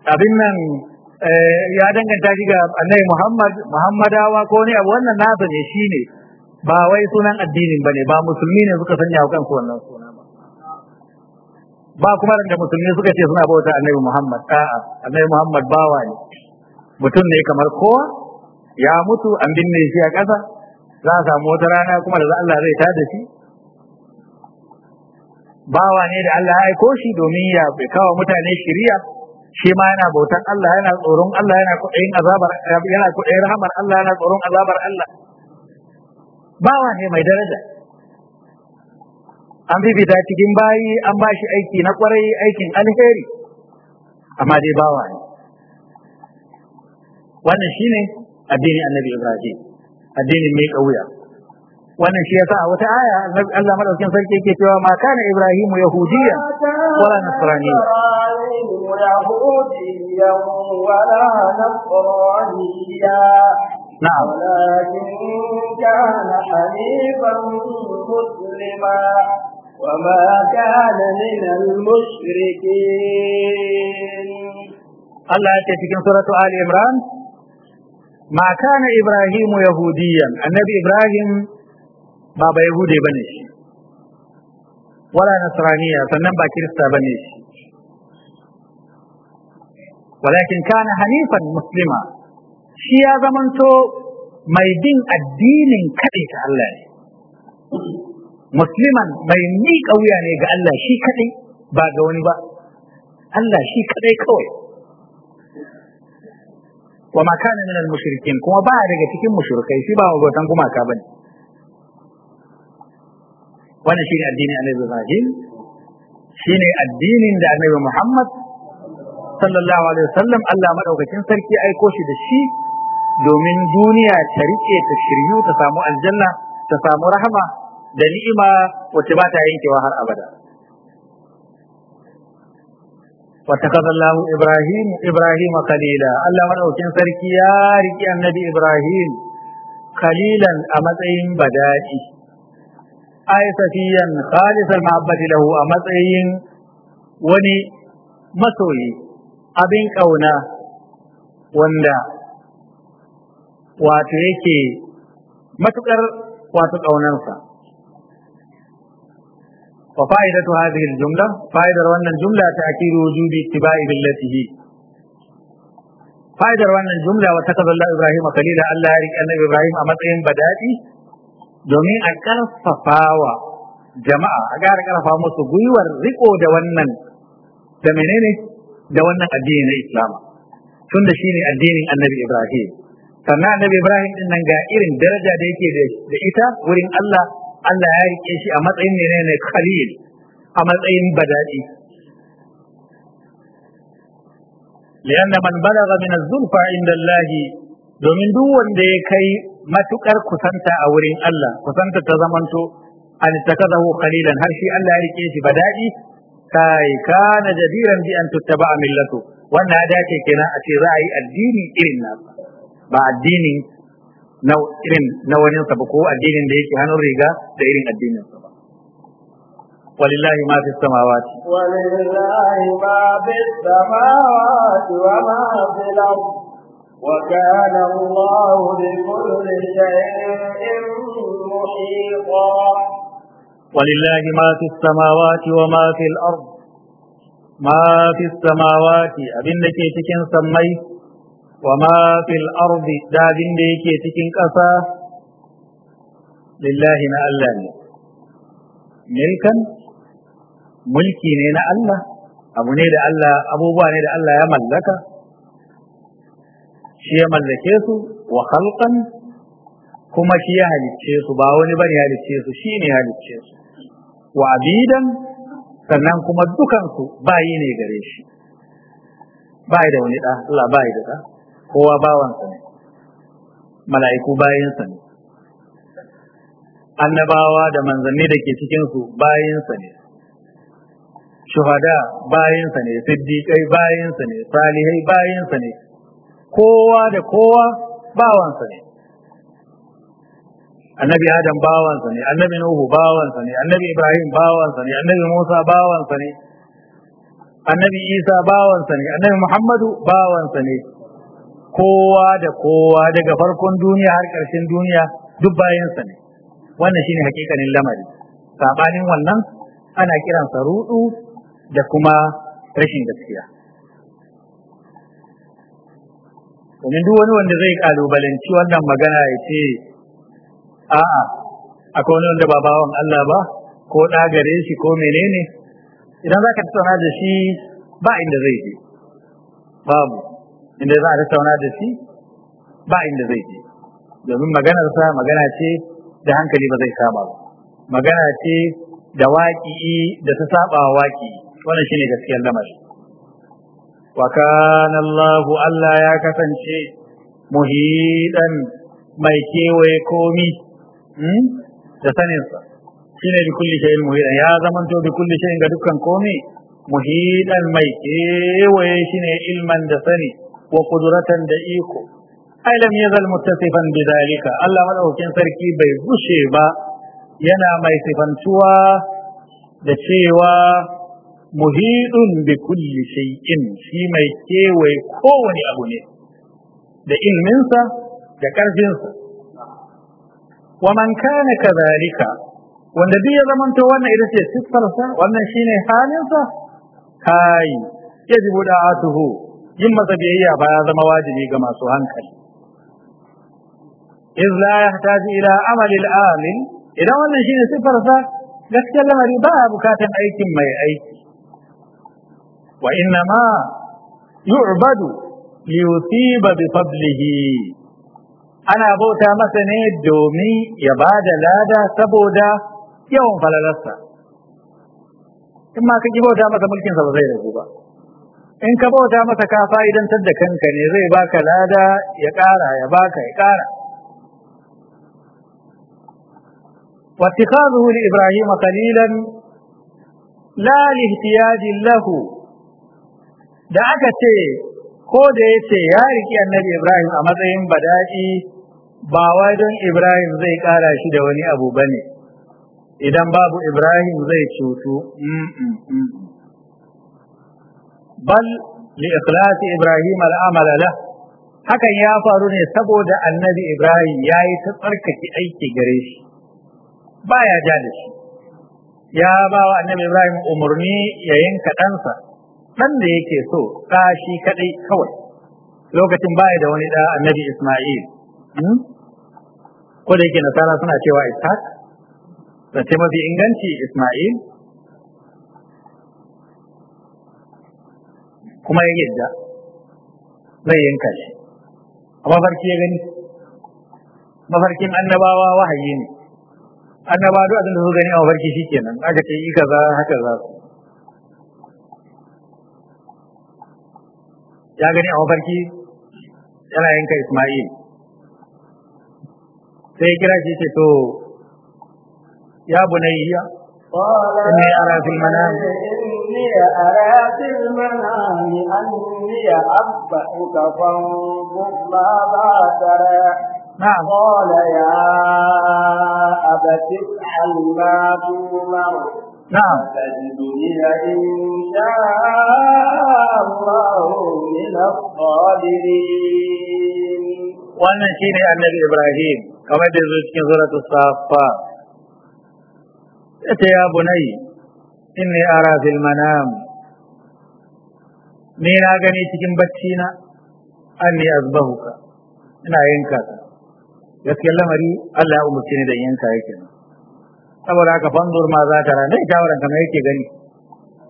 abin nan eh, ya danganta shi ga annabi Muhammad Muhammadawa ko ne abu wannan nasa ne shine ba wai sunan addinin bane ba musulmi ne suka sanya wa kansu wannan ba kuma da musulmi suka ce suna bauta annabi Muhammad a'a annabi Muhammad bawa ne mutum ne kamar kowa ya mutu an binne shi a ƙasa za a samu wata rana kuma da Allah zai ta shi bawa ne da Allah ya aiko shi domin ya kawo mutane shiriya shi ma yana bautan Allah yana tsoron Allah yana kuɗayin azabar yana kuɗayin rahamar Allah yana tsoron azabar Allah bawa ne mai daraja an fifita cikin bayi an ba shi aiki na kwarai aikin alheri amma dai bawa ne wannan shine addinin annabi ibrahim addinin mai kauya wannan shi yasa a wata aya Allah madaukakin sarki yake cewa ma kana ibrahimu yahudiyya wala nasraniyya na'am ولكن كان حنيفا مسلما وما كان من المشركين الله يتي في سورة آل عمران ما كان إبراهيم يهوديا النبي إبراهيم بابا يهودي بنش ولا نصرانية فنبا كريستا بنش ولكن كان حنيفا مسلما شيا زمنتو mai bin addinin kaɗai ta Allah ne musliman mai miƙa wuya ne ga Allah shi kadai ba ga wani ba Allah shi kadai kawai wa ma kana min al-mushrikin kuma ba daga cikin mushrikai shi ba wajen gumaka bane wannan shine addinin Annabi Ibrahim shine addinin da Annabi Muhammad sallallahu alaihi wasallam Allah madaukakin sarki aiko shi da shi domin duniya ta rike ta shiryu ta samu aljanna ta samu rahama da ni'ima wacce ba ta yankewa har abada. Wata Ibrahim, Ibrahim a kalila, Allah ɗaukin sarki ya riƙi annabi Ibrahim kalilan a matsayin badaɗi. bada'i. Aisafiyan khalisar ma'abbati lahu a matsayin wani masoyi abin ƙauna wanda wato yake matuƙar wato ƙaunarsa. وفائدة هذه الجملة فائدة وأن الجملة تأكيد وجوب اتباع ملته فائدة وأن الجملة واتخذ الله إبراهيم خليلا ألا يرك أن إبراهيم أمتهم بداتي دومي a صفاوة jama'a a ƙara ƙarfa musu gwiwar riko da wannan da menene da wannan addini na islam tun da shine addinin annabi ibrahim sannan annabi ibrahim din nan ga irin daraja da yake da ita wurin allah Allah ya rike shi a matsayin ne ne khalil a matsayin badadi da man balaga min az-zulfa domin duk wanda ya kai matukar kusanta a wurin Allah kusanta ta zamanto an takadahu khalilan har shi Allah ya rike shi badadi kai kana jadiran bi an tuttaba millatu wannan ya dace kenan a ce za a yi addini irin nasa ba addinin na irin na wani sa ko addinin da yake hannun riga da irin addinin sa ba walillahi ma fi samawati walillahi ma fi samawati wa ma fi al wa kana Allah bi kulli shay'in muhita walillahi ma fi samawati wa ma fi al-ard ma fi samawati abin da ke cikin sammai wa ma fil ardi da abin da yake cikin ƙasa lillahi na Allah ne milkan mulki ne na Allah abu ne da Allah abubuwa ne da Allah ya mallaka shi ya mallake su wa khalqan kuma shi ya halicce su ba wani bane ya halicce su shi ne ya halicce su wa abidan sannan kuma dukansu bayi ne gare shi bayi da wani ɗa Allah bayi da ɗa kowa bawansa ne mala'iku bayansa ne annabawa da manzanni da ke cikinsu bayansa ne shuhada bayansa ne siddiƙai bayansa ne salihai bayansa ne kowa da kowa bawansa ne annabi adam bawansa ne annabi nuhu bawansa ne annabi ibrahim bawansa ne annabi musa bawansa ne annabi isa bawansa ne annabi muhammadu bawansa ne kowa da kowa daga farkon duniya har ƙarshen duniya duk bayansa ne wannan shine hakikanin lamari sabanin wannan ana kiransa rudu da kuma rashin gaskiya domin duk wani wanda zai kalubalanci wannan magana ya ce a'a akwai wani wanda ba bawan Allah ba ko ɗa gare shi ko menene idan za ka tattauna da shi ba inda zai je babu inda za a tattauna da shi ba inda zai je domin maganarsa magana ce da hankali ba zai saba ba magana ce da waƙi da ta saba waƙi wannan shine gaskiyar lamari wa kana Allah Allah ya kasance muhidan mai kewaye komi hmm, da saninsa shine bi kulli shay'in muhidan ya zamanto bi shay'in ga dukkan komi muhidan mai kewaye shine ilman da sani wa qudratan da iko ai lam yazal muttasifan bidalika Allah madaukakin sarki bai gushe ba yana mai sifantuwa da cewa muhiɗun bi kulli shay'in shi mai kewaye kowane abu ne da ilminsa da ƙarfinsa wa man kana kadhalika wanda duk ya zamanto wannan ita ce siffarsa wannan shine halinsa kai yajibu da'atuhu yin masa biyayya ba ya zama wajibi ga masu hankali iz la yahtaju ila amali al-amil idan wannan shine sifar sa gaskiya lamari ba a bukatar aikin mai aiki wa inna ma yu'badu li yusiba bi fadlihi ana bauta masa ne domin ya bada lada saboda yawan falalarsa in ma ka ki bauta masa mulkin sa ba zai rabu ba in ka bauta masa ka idan da kanka ne zai baka lada ya kara ya baka ya ƙara واتخاذه لإبراهيم خليلا لا لاحتياج lahu da aka ce ko da ya ce ya riki annabi Ibrahim a matsayin badaki, ba wai don Ibrahim zai kara shi da wani abu ba ne idan babu Ibrahim zai cutu mm, mm, mm, bal li ikhlasi ibrahim al'amala la hakan ya faru ne saboda annabi ibrahim ya yi ta tsarkake aiki gare shi baya ja da shi ya bawa annabi ibrahim umarni ya yanka ɗansa ɗan da yake so ɗa kaɗai kawai lokacin baya da wani ɗa annabi isma'il hmm? ko da yake nasara suna cewa ishaq zance mafi inganci isma'il kuma ya yadda zai yanka shi a mafarki ya gani mafarkin annabawa wahayi ne Annabawa duk abin da su gani a mafarki shi kenan, aka ce yi kaza haka za su ya gani a mafarki yana yanka Ismail sai kira shi ce to ya bunayya inni ara fil manam إني أرى في المنام أني أذبحك فانظر ماذا ترى نعم قال يا أبت افعل ما تؤمر نعم تجدني إن شاء الله من الصابرين wannan shine annabi Ibrahim kamar da zuwa cikin suratul Safa yace ya bunayya inni ara fil manam ni na gani cikin bacci na anni azbahuka ina yanka ka gaskiyar lamari Allah ya umarci ni da yanka yake saboda haka fanzur ma za ta rana shawaran kamar yake gani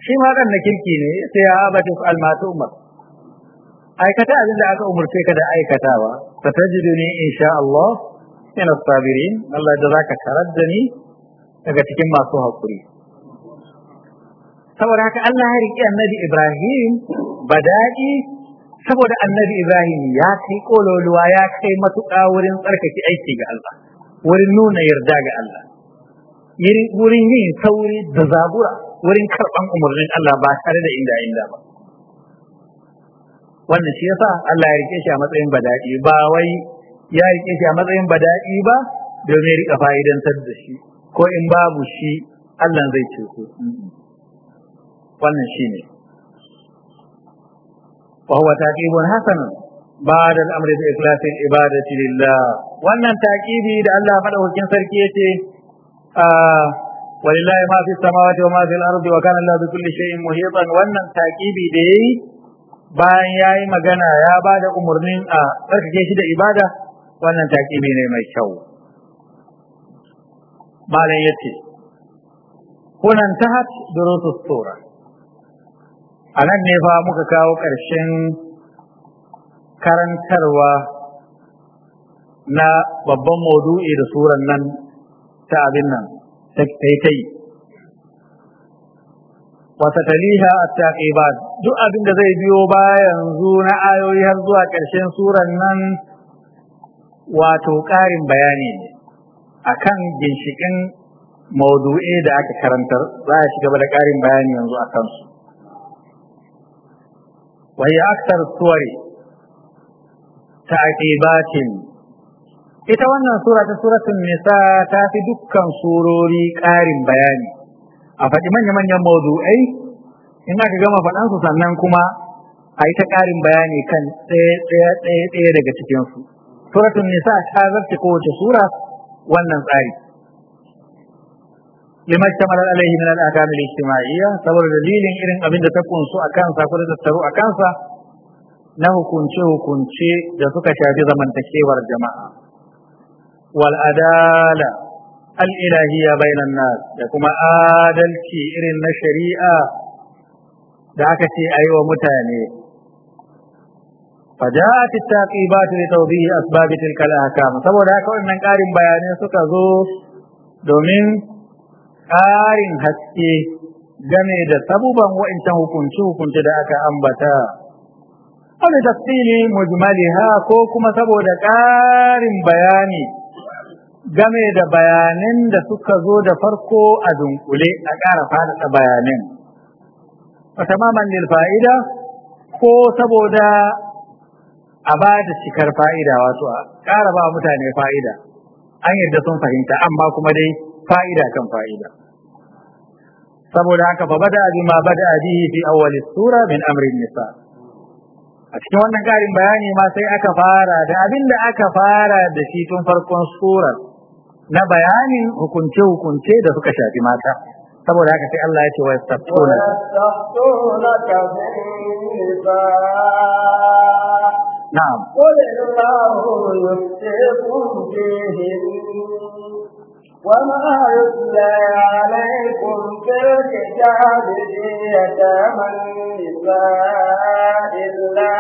shi ma dan na kirki ne sai ya abatu almatu umar aikata abin da aka umarce ka da aikatawa fatajiduni insha Allah min as-sabirin Allah da zaka tarar da ni daga cikin masu hakuri saboda haka Allah ya riƙe annabi Ibrahim bada'i saboda annabi Ibrahim ya kai kololuwa ya kai matuƙa wurin tsarkake aiki ga Allah wurin nuna yarda ga Allah wurin yin sauri da zabura wurin karɓan umarnin Allah ba tare da inda inda ba wannan shi yasa Allah ya rike shi a matsayin bada'i ba wai ya rike shi a matsayin bada'i ba domin rika fa'idantar da shi ko in babu shi Allah zai ce ku wannan shine wa huwa taqibun hasan ba'da al-amri bi ikhlasil ibadati lillah wannan taƙibi da Allah madaukakin sarki yace ah, walillahi ma fi samawati wa ma fil ardi wa kana Allah bi kulli shay'in muhitan wannan taƙibi da yayi bayan yayi magana ya bada umurnin a tsarkake shi da ibada wannan taƙibi ne mai kyau malam yace kunan tahat durusus sura a nan ne fa muka kawo ƙarshen karantarwa na babban maudu'i da suran nan ta abin nan ta kai-kai? wata taliha a ba duk abin da zai biyo bayan zu na ayoyi har zuwa ƙarshen suran nan wato ƙarin bayani ne akan ginshiƙin maudu'i da aka karantar za a shiga da ƙarin bayani yanzu a kansu وهي أكثر الصور تعقيبات ita wannan surata, suratun suratul nisa ta fi dukkan surori ƙarin bayani a faɗi manya-manyan mawdu'ai in aka gama faɗansu sannan kuma a yi ta ƙarin bayani kan ɗaya daga cikinsu Suratun nisa ta zarce kowace sura wannan tsari lima shamalar alaihi min al'akam al-ijtima'iyya saboda dalilin irin abin da ta kunsu a kansa ko da tattaru a kansa na hukunce hukunce da suka shafi zamantakewar jama'a wal adala al ilahiyya bainan nas da kuma adalci irin na shari'a da aka ce ayi wa mutane فجاءت التعقيبات لتوضيح أسباب تلك Saboda haka ذلك ƙarin قارن بيانين zo دومين ƙarin haske game da sabuban wa'incan hukunci hukunce da aka ambata. Wani tafsiri ha ko kuma saboda ƙarin bayani game da bayanin da suka zo da farko a dunkule a ƙara faɗaɗa bayanin. Wata maman fa'ida ko saboda a ba da cikar fa'ida wasu a ƙara ba mutane fa'ida an yadda sun fahimta amma kuma dai فائدة كم فائدة سبولاك فبدأ بما بدأ به في أول السورة من أمر النساء أشتوى أن كارم بياني ما سيء أكفارة أبين دا أكفارة دشيتون فرقون سورة نبياني هكونتي هكونتي دا فكشا في ماتا سبولاك في الله يتي ويستفتون ويستفتونك بيسا نعم قل الله يستفتون فيه وما يتلى عليكم في الكتاب في يتامى النساء إلا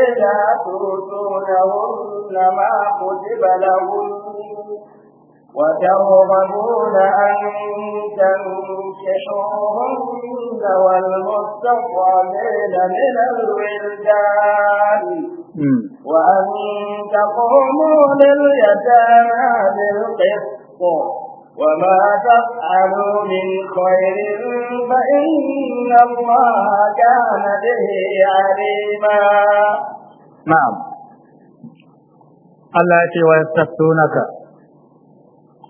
إذا تؤتونهن ما كتب لهن وترغبون أن تنكحوهن والمستضعفين من الولدان وأن تقوموا لليتامى بالقسط وما تفعلوا من خير فإن الله كان به عليما نعم Allah ya ce wa yastaftunaka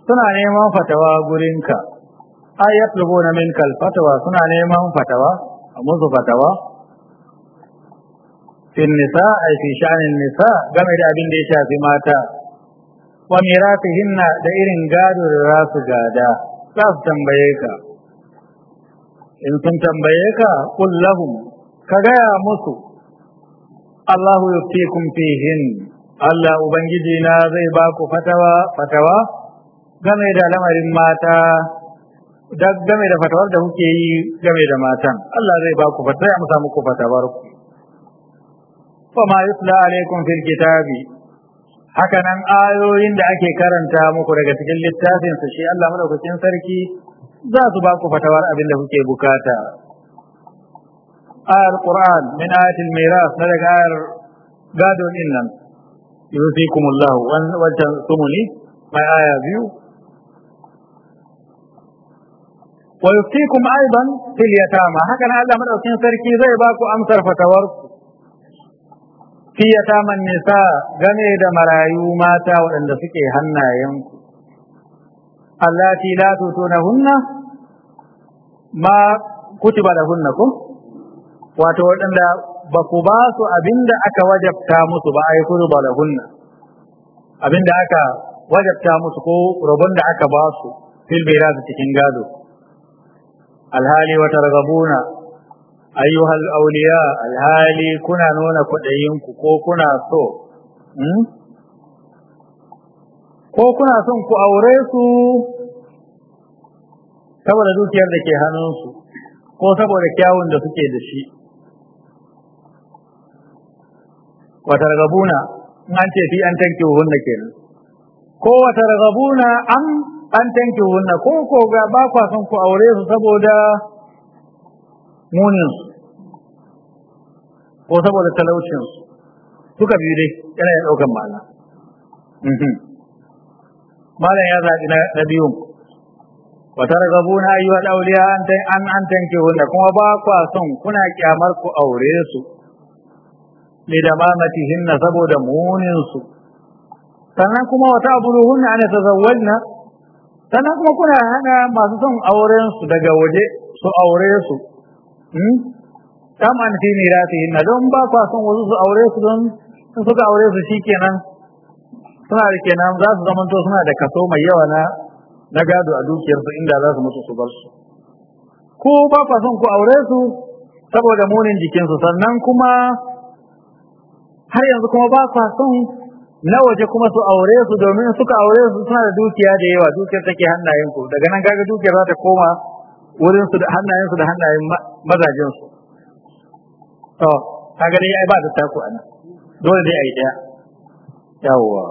suna neman fatawa gurinka ay yatlubuna minkal fatawa suna neman fatawa musu fatawa fil nisa ay fi sha'anin nisa game da abin da ya shafi mata wa hinna da irin gado da za su gada za su tambaye ka in sun tambaye ka qul lahum ka gaya musu Allahu yuftikum fihin Allah ubangiji na zai ba ku fatawa fatawa game da lamarin mata da game da fatawar da kuke yi game da matan Allah zai ba ku fatawa ya musa muku fatawar ku Kuma ma yusla alaikum fil kitabi haka nan ayoyin da ake karanta muku daga cikin littafin su shi Allah madaukakin sarki za su ba ku fatawar abin da kuke bukata ayar Qur'an min ayatil miras na daga ayar gado din nan yusikumullahu wajan sumuni mai aya biyu wa yusikum ويفتيكم ايضا في اليتامى هكذا الله sarki zai ba ku amsar fatawarku ta man nisa game da marayu mata waɗanda suke hannayenku allati la tutunahunna ma kutiba lahunna ko wato waɗanda ba ku ba su abinda aka wajabta musu ba ai kurba lahunna abinda aka wajabta musu ko rabon da aka ba su fil cikin gado alhali wata ragabuna ayyuhal auliya alhali kuna nuna kuɗayinku ko kuna so ko kuna son ku aure su saboda dukiyar da ke hannunsu ko saboda kyawun da suke da shi wata ragabuna an ce fi an tanke hunna kenan ko wata ragabuna an an tanke hunna ko ko ga ba kwa son ku aure su saboda munin ko saboda talaucinsu duka biyu dai yana ya daukan ma'ana mhm. malam ya zaɓi na biyun wa targabuna ayyuhal awliya an an an tanke wanda kuma ba kwa son kuna kyamar ku aure su li hinna saboda munin su sannan kuma wata aburuhunna an tazawwajna sannan kuma kuna hana masu son auren su daga waje su aure su hmm? kaman fi mirasihin na don ba kwa son wasu su aure su don sun suka aure su shi kenan suna da kenan za su to suna da kaso mai yawa na na gado a dukiyarsu inda za su mutu su bar su ko ba kwa son ku aure su saboda munin jikinsu sannan kuma har yanzu kuma ba kwa son na waje kuma su aure su domin suka aure su suna da dukiya da yawa dukiyar take ku. daga nan kaga dukiyar za ta koma wurin su da su da hannayen su to kaga dai ai ba da taku ana dole dai ai daya yawwa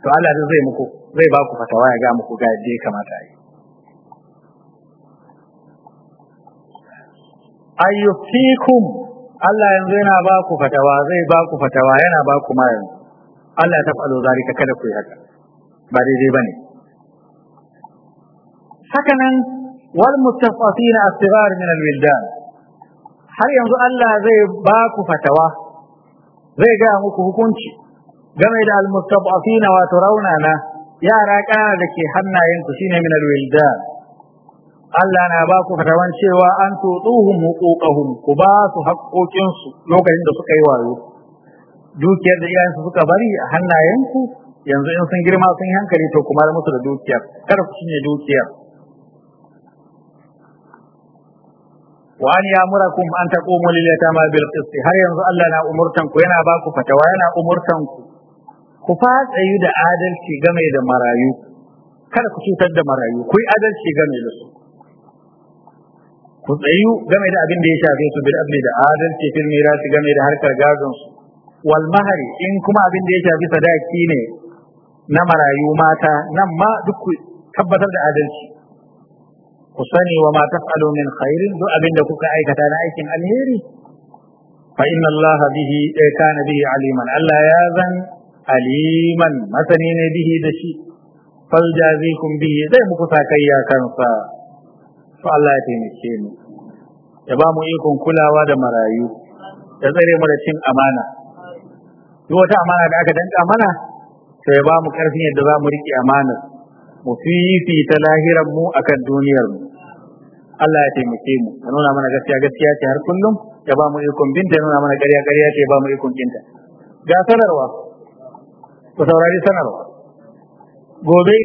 to Allah zai muku zai ba ku fatawa ya ga muku ga yadda ya kamata ai ayyufikum Allah yanzu yana ba ku fatawa zai ba ku fatawa yana ba ku ma yanzu Allah ya tafalo zalika kada ku yi haka ba daidai bane haka nan wal mustafafina as-sighar min al-wildan har yanzu Allah zai ba ku fatawa zai gaya muku hukunci game da almustab'afina wato raunana yara ƙana da ke hannayenku shine min alwildan Allah na ba ku fatawan cewa an tutuhum huquqahum ku ba su lokacin da suka yi wayo dukiyar da iyayensu suka bari a hannayenku yanzu in sun girma sun yi hankali to kuma musu da dukiyar Kar ku cinye dukiyar wa an ya'murakum an taqumu lil yatama bil qist har yanzu Allah na umurtan ku yana ba ku fatawa yana umurtan ku ku fa tsayu da adalci game da marayu kada ku cutar da marayu ku yi adalci game da su ku tsayu game da abin da ya shafe su bil adli da adalci fil mirasi game da harkar gadon su wal mahari in kuma abin da ya shafe sadaki ne na marayu mata nan ma duk ku tabbatar da adalci ku sani wa ma taf'alu min khairin duk abin da kuka aikata na aikin alheri fa inna Allah bihi eh, kana bihi aliman Allah ya zan aliman masani ne bihi da shi fal jazikum bihi zai muku sakayya kansa Fa Allah ya taimake mu ya ba mu ikon kulawa da marayu ya tsare mu da cin amana duk wata amana da aka danka mana to ya ba mu karfin yadda za mu riƙe amanar mu ta lahiran mu akan duniyar mu Allah ya taimake mu ya nuna mana gaskiya gaskiya ce har kullum ya ba mu ikon binta ya nuna mana ƙarya ƙarya ce ya ba mu ikon binta ga sanarwa ku saurari sanarwa gobe